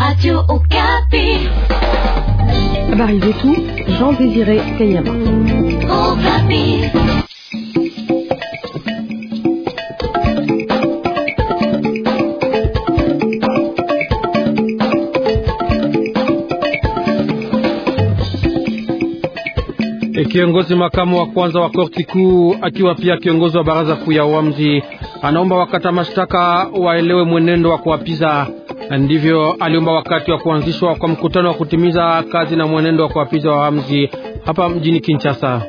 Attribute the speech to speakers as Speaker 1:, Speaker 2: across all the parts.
Speaker 1: Habari zetu Jean Désiré Kanyama.
Speaker 2: E kiongozi makamu wa kwanza wa korti kuu akiwa pia kiongozi wa baraza kuu ya uamuzi anaomba wakata mashtaka waelewe mwenendo wa kuwapiza Ndivyo aliomba wakati wa kuanzishwa kwa mkutano wa kutimiza kazi na mwenendo wa wa wahamzi hapa mjini Kinshasa.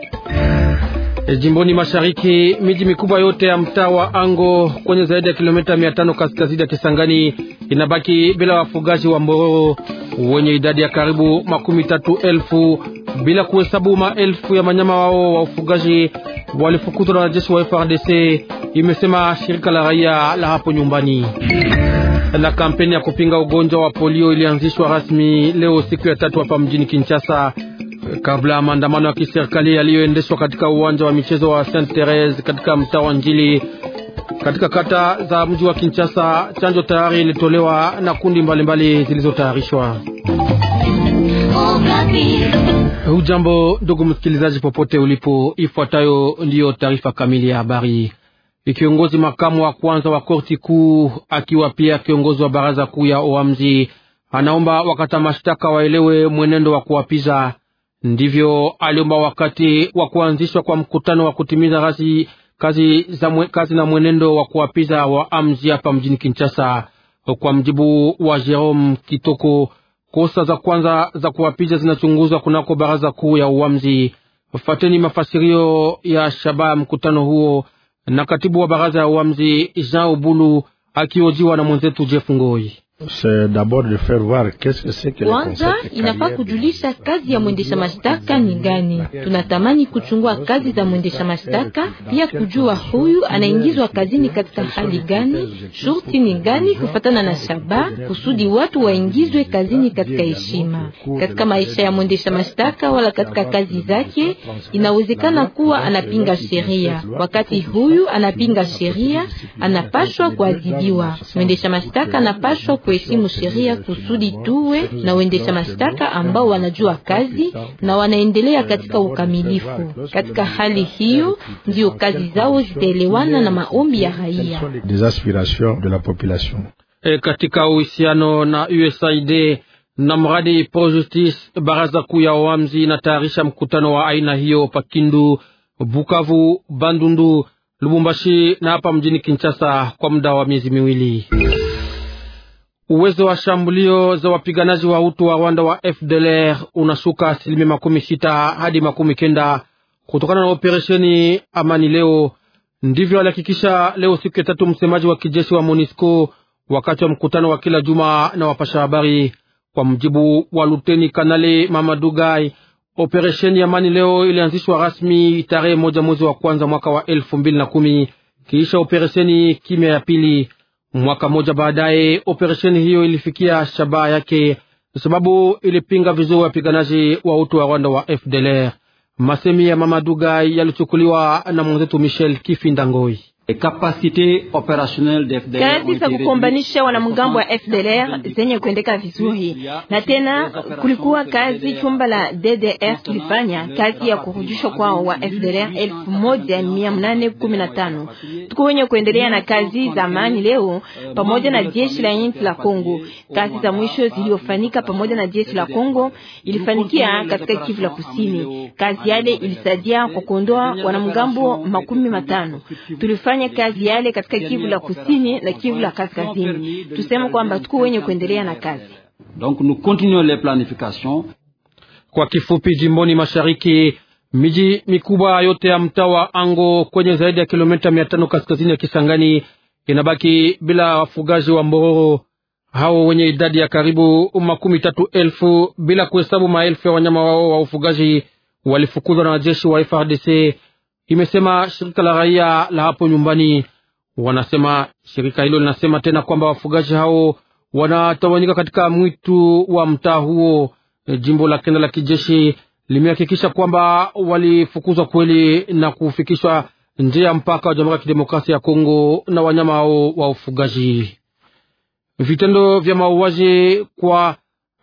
Speaker 2: Jimboni mashariki, miji mikubwa yote ya mtaa wa Ango kwenye zaidi ya kilomita mia tano kaskazini ya Kisangani inabaki bila wafugaji wa mbororo wenye idadi ya karibu makumi tatu elfu bila kuhesabu maelfu ya manyama wao wa ufugaji walifukuzwa na wanajeshi wa FRDC, imesema shirika la raia la hapo nyumbani na kampeni ya kupinga ugonjwa wa polio ilianzishwa rasmi leo siku ya tatu hapa mjini Kinshasa, kabla ya maandamano ya kiserikali yaliyoendeshwa katika uwanja wa michezo wa Saint Therese katika mtaa wa Njili katika kata za mji wa Kinshasa. Chanjo tayari ilitolewa na kundi mbalimbali zilizotayarishwa. Hujambo ndugu msikilizaji, popote ulipo, ifuatayo ndiyo taarifa kamili ya habari kiongozi makamu wa kwanza wa korti kuu, akiwa pia kiongozi wa baraza kuu ya oamzi, anaomba wakata mashtaka waelewe mwenendo wa kuwapiza. Ndivyo aliomba wakati wa kuanzishwa kwa mkutano wa kutimiza kazi, kazi, za mwe, kazi na mwenendo wa kuwapiza wa amzi hapa mjini Kinshasa. Kwa mjibu wa Jerome Kitoko, kosa za kwanza za kuwapiza zinachunguzwa kunako baraza kuu ya uamzi. Fateni mafasirio ya shabaha mkutano huo na katibu wa baraza ya uamzi Jean Obulu, akiojiwa na mwenzetu Jeff Ngoi.
Speaker 3: Kwanza inafaa
Speaker 1: kujulisha kazi ya mwendesha mashtaka ni gani. Tunatamani kuchungua kazi za mwendesha mashtaka, pia kujua huyu anaingizwa kazini katika hali gani, shurti ni gani kufatana na shaba, kusudi watu waingizwe kazini katika heshima. Katika maisha ya mwendesha mashtaka wala katika kazi zake, inawezekana kuwa anapinga sheria. Wakati huyu anapinga sheria, anapashwa kuadhibiwa. Mwendesha mashtaka anapashwa kuheshimu sheria kusudi tuwe na waendesha mashtaka ambao wanajua kazi na wanaendelea katika ukamilifu. Katika hali hiyo, ndio kazi zao zitaelewana na maombi ya raia.
Speaker 2: E, katika uhusiano na USAID na mradi Pro Justice, baraza kuu ya wamzi inatayarisha mkutano wa aina hiyo Pakindu, Bukavu, Bandundu, Lubumbashi na hapa mjini Kinshasa kwa muda wa miezi miwili. Uwezo wa shambulio za wapiganaji wa utu wa Rwanda wa FDLR unashuka asilimia makumi sita hadi makumi kenda kutokana na operesheni Amani leo. Ndivyo alihakikisha leo siku ya tatu msemaji wa kijeshi wa MONUSCO wakati wa mkutano wa kila juma na wapasha habari. Kwa mjibu wa luteni kanali Mamadugai, operesheni Amani leo ilianzishwa rasmi tarehe moja mwezi wa kwanza mwaka wa elfu mbili na kumi kiisha operesheni kimya ya pili Mwaka mmoja baadaye, operesheni hiyo ilifikia shabaha yake, sababu ilipinga vizuri wapiganaji wa utu wa Rwanda wa FDLR. Masemi ya Mama Dugai yalichukuliwa na mwenzetu Michel Kifindangoi kazi za kukombanisha
Speaker 4: wanamgambo wa FDLR zenye kuendeka vizuri, na tena kulikuwa kazi chumba la DDR tulifanya kazi ya kurudishwa kwao wa FDLR elfu moja mia nane kumi na tano. Tuko wenye kuendelea na kazi za amani leo euh, pamoja na jeshi la nchi la Kongo. Kazi za mwisho ziliyofanyika pamoja na jeshi la Kongo ilifanikia katika Kivu la Kusini. Kazi yale ilisaidia kwa kuondoa wanamgambo makumi matano tulifanya kufanya kazi yale katika Kivu la kusini na Kivu la kaskazini. Tuseme kwamba tuko wenye kuendelea na kazi.
Speaker 2: Donc nous continuons les planifications. Kwa kifupi, jimboni mashariki miji mikubwa yote ya mtaa wa Ango kwenye zaidi ya kilomita mia tano kaskazini ya Kisangani inabaki bila wafugaji wa mbororo hao wenye idadi ya karibu makumi tatu elfu bila kuhesabu maelfu ya wanyama wao wa ufugaji walifukuzwa na wajeshi wa FRDC imesema shirika la raia la hapo nyumbani. Wanasema shirika hilo linasema tena kwamba wafugaji hao wanatawanyika katika mwitu wa mtaa huo. Jimbo la kenda la kijeshi limehakikisha kwamba walifukuzwa kweli na kufikishwa nje ya mpaka wa Jamhuri ya Kidemokrasia ya Kongo na wanyama hao wa ufugaji. Vitendo vya mauaji kwa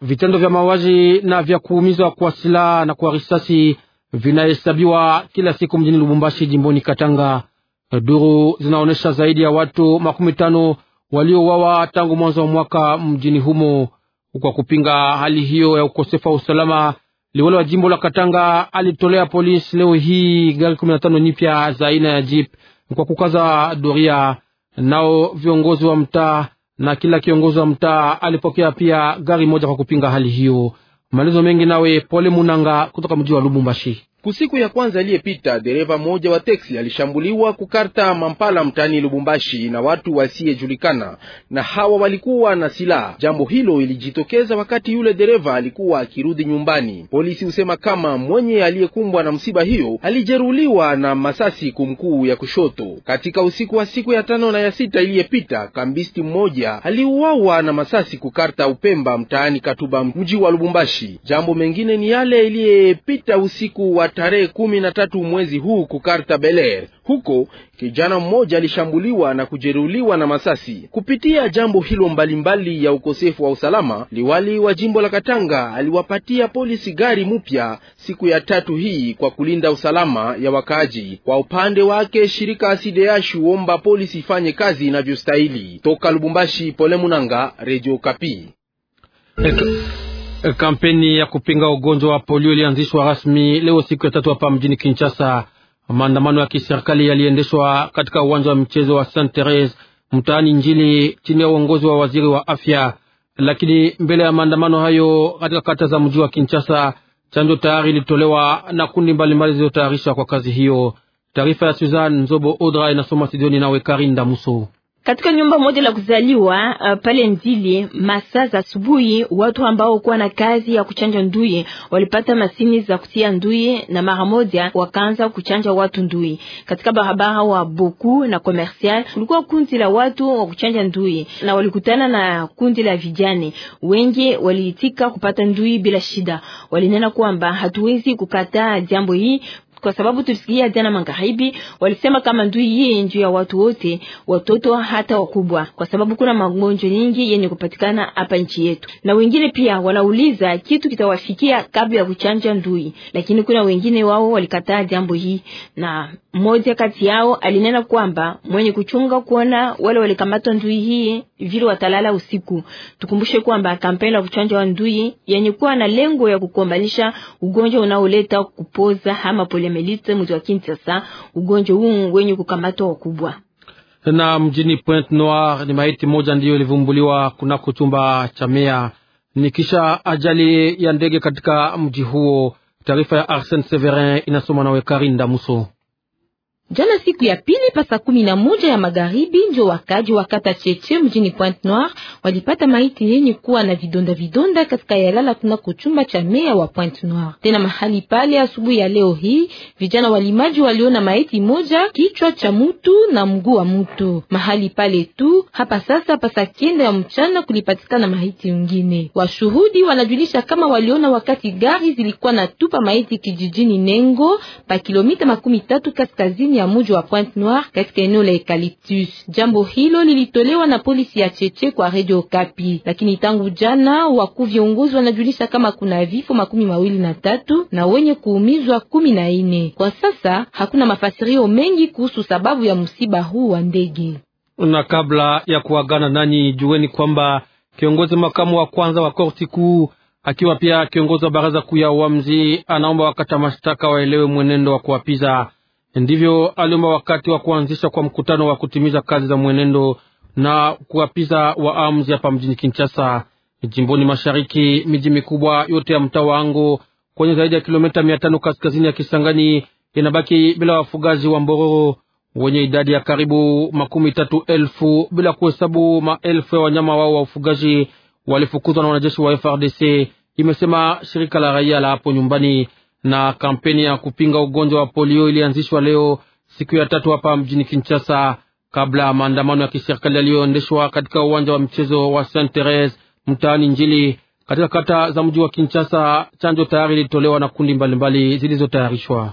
Speaker 2: vitendo vya mauaji na vya kuumizwa kwa silaha na kwa risasi vinahesabiwa kila siku mjini Lubumbashi, jimboni Katanga. Duru zinaonyesha zaidi ya watu makumi tano waliowawa tangu mwanzo wa mwaka mjini humo. Kwa kupinga hali hiyo ya ukosefu wa usalama, liwali wa jimbo la Katanga alitolea polisi leo hii gari kumi na tano nyipya za aina ya jeep kwa kukaza doria. Nao viongozi wa mtaa na kila kiongozi wa mtaa alipokea pia gari moja kwa kupinga hali hiyo. Malizo mengi nawe pole munanga kutoka mji wa Lubumbashi.
Speaker 3: Kusiku ya kwanza aliyepita, dereva mmoja wa teksi alishambuliwa kukarta Mampala mtaani Lubumbashi na watu wasiyejulikana, na hawa walikuwa na silaha. Jambo hilo ilijitokeza wakati yule dereva alikuwa akirudi nyumbani. Polisi husema kama mwenye aliyekumbwa na msiba hiyo alijeruhiwa na masasi kumkuu ya kushoto. Katika usiku wa siku ya tano na ya sita iliyepita kambisti mmoja aliuawa na masasi kukarta Upemba mtaani Katuba, mji wa Lubumbashi. Jambo mengine ni yale iliyepita usiku wa tarehe kumi na tatu mwezi huu kukarta beler huko kijana mmoja alishambuliwa na kujeruhiwa na masasi. Kupitia jambo hilo mbalimbali mbali ya ukosefu wa usalama, liwali wa jimbo la Katanga aliwapatia polisi gari mpya siku ya tatu hii kwa kulinda usalama ya wakaaji. Kwa upande wake, shirika Asideashi huomba polisi ifanye kazi inavyostahili. Toka Lubumbashi, Pole Munanga, redio Kapi.
Speaker 2: Eh, kampeni ya kupinga ugonjwa wa polio ilianzishwa rasmi leo siku ya tatu hapa mjini Kinshasa. Maandamano ya kiserikali yaliendeshwa katika uwanja wa mchezo wa Saint Therese mtaani Njili chini ya uongozi wa waziri wa afya. Lakini mbele ya maandamano hayo katika kata za mji wa Kinshasa, chanjo tayari ilitolewa na kundi mbalimbali zilizotayarishwa kwa kazi hiyo. Taarifa ya suzan Nzobo Odra inasoma studioni nawe Karinda Muso
Speaker 4: katika nyumba moja la kuzaliwa uh, pale Ndili masaa za asubuhi, watu ambao kuwa na kazi ya kuchanja ndui walipata masini za kutia ndui na mara moja wakaanza kuchanja watu ndui katika barabara wa Boku na Commercial. Kulikuwa kundi la watu wa kuchanja ndui na walikutana na kundi la vijane wengi, waliitika kupata ndui bila shida. Walinena kwamba hatuwezi kukataa jambo hii kwa sababu tusikia jana magharibi walisema kama ndui hii ndio ya watu wote, watoto hata wakubwa, kwa sababu kuna magonjwa nyingi yenye kupatikana hapa nchi yetu, na wengine pia wanauliza kitu kitawafikia kabla ya kuchanja ndui, lakini kuna wengine wao walikataa jambo hii, na mmoja kati yao alinena kwamba mwenye kuchunga kuona wale walikamatwa ndui hii vile watalala usiku. Tukumbushe kwamba kampeni ya kuchanja ndui yenye kuwa na lengo ya kukombanisha ugonjwa unaoleta kupoza ama pole Selemelite mji wa Kinshasa, ugonjwa huu wenye kukamata wakubwa
Speaker 2: na mjini Point Noir ni maiti moja ndiyo ilivumbuliwa kunako chumba cha mea, ni kisha ajali ya ndege katika mji huo. Taarifa ya Arsene Severin inasoma nawe Karinda Muso.
Speaker 1: Jana siku ya pili pasa kumi na moja ya magharibi ndio wakaji wa kata Cheche mjini Pointe Noire walipata maiti yenye kuwa na vidonda vidonda katika yalala kuna kuchumba cha meya wa Pointe Noire. Tena mahali pale asubuhi ya leo hii vijana walimaji waliona maiti moja, kichwa cha mutu na mguu wa mutu mahali pale tu hapa sasa pasa kenda ya mchana kulipatikana maiti nyingine. Washuhudi wanajulisha kama waliona wakati gari zilikuwa na tupa maiti kijijini Nengo pa kilomita makumi tatu kaskazini ya mji wa Pointe Noire katika eneo la Eucalyptus. Jambo hilo lilitolewa na polisi ya Cheche kwa Radio Kapi, lakini tangu jana wakuu viongozi wanajulisha kama kuna vifo makumi mawili na tatu na wenye kuumizwa kumi na ine. Kwa sasa hakuna mafasirio mengi kuhusu sababu ya msiba huu wa ndege
Speaker 2: na kabla ya kuagana nanyi, jueni kwamba kiongozi makamu wa kwanza wa korti kuu akiwa pia kiongozi wa baraza kuu ya uamzi anaomba wakata mashtaka waelewe mwenendo wa kuwapiza. Ndivyo aliomba wakati wa kuanzisha kwa mkutano wa kutimiza kazi za mwenendo na kuwapiza waamzi hapa mjini Kinshasa, jimboni mashariki. Miji mikubwa yote ya mtaa wa Ango kwenye zaidi ya kilomita mia tano kaskazini ya Kisangani inabaki bila wafugaji wa mbororo wenye idadi ya karibu makumi tatu elfu bila kuhesabu maelfu ya wanyama wao wa ufugaji walifukuzwa na wanajeshi wa FRDC, imesema shirika la raia la hapo nyumbani. Na kampeni ya kupinga ugonjwa wa polio ilianzishwa leo siku ya tatu hapa mjini Kinshasa, kabla ya maandamano ya kiserikali yaliyoendeshwa katika uwanja wa mchezo wa Saint Therese mtaani Njili katika kata za mji wa Kinshasa. Chanjo tayari ilitolewa na kundi mbalimbali zilizotayarishwa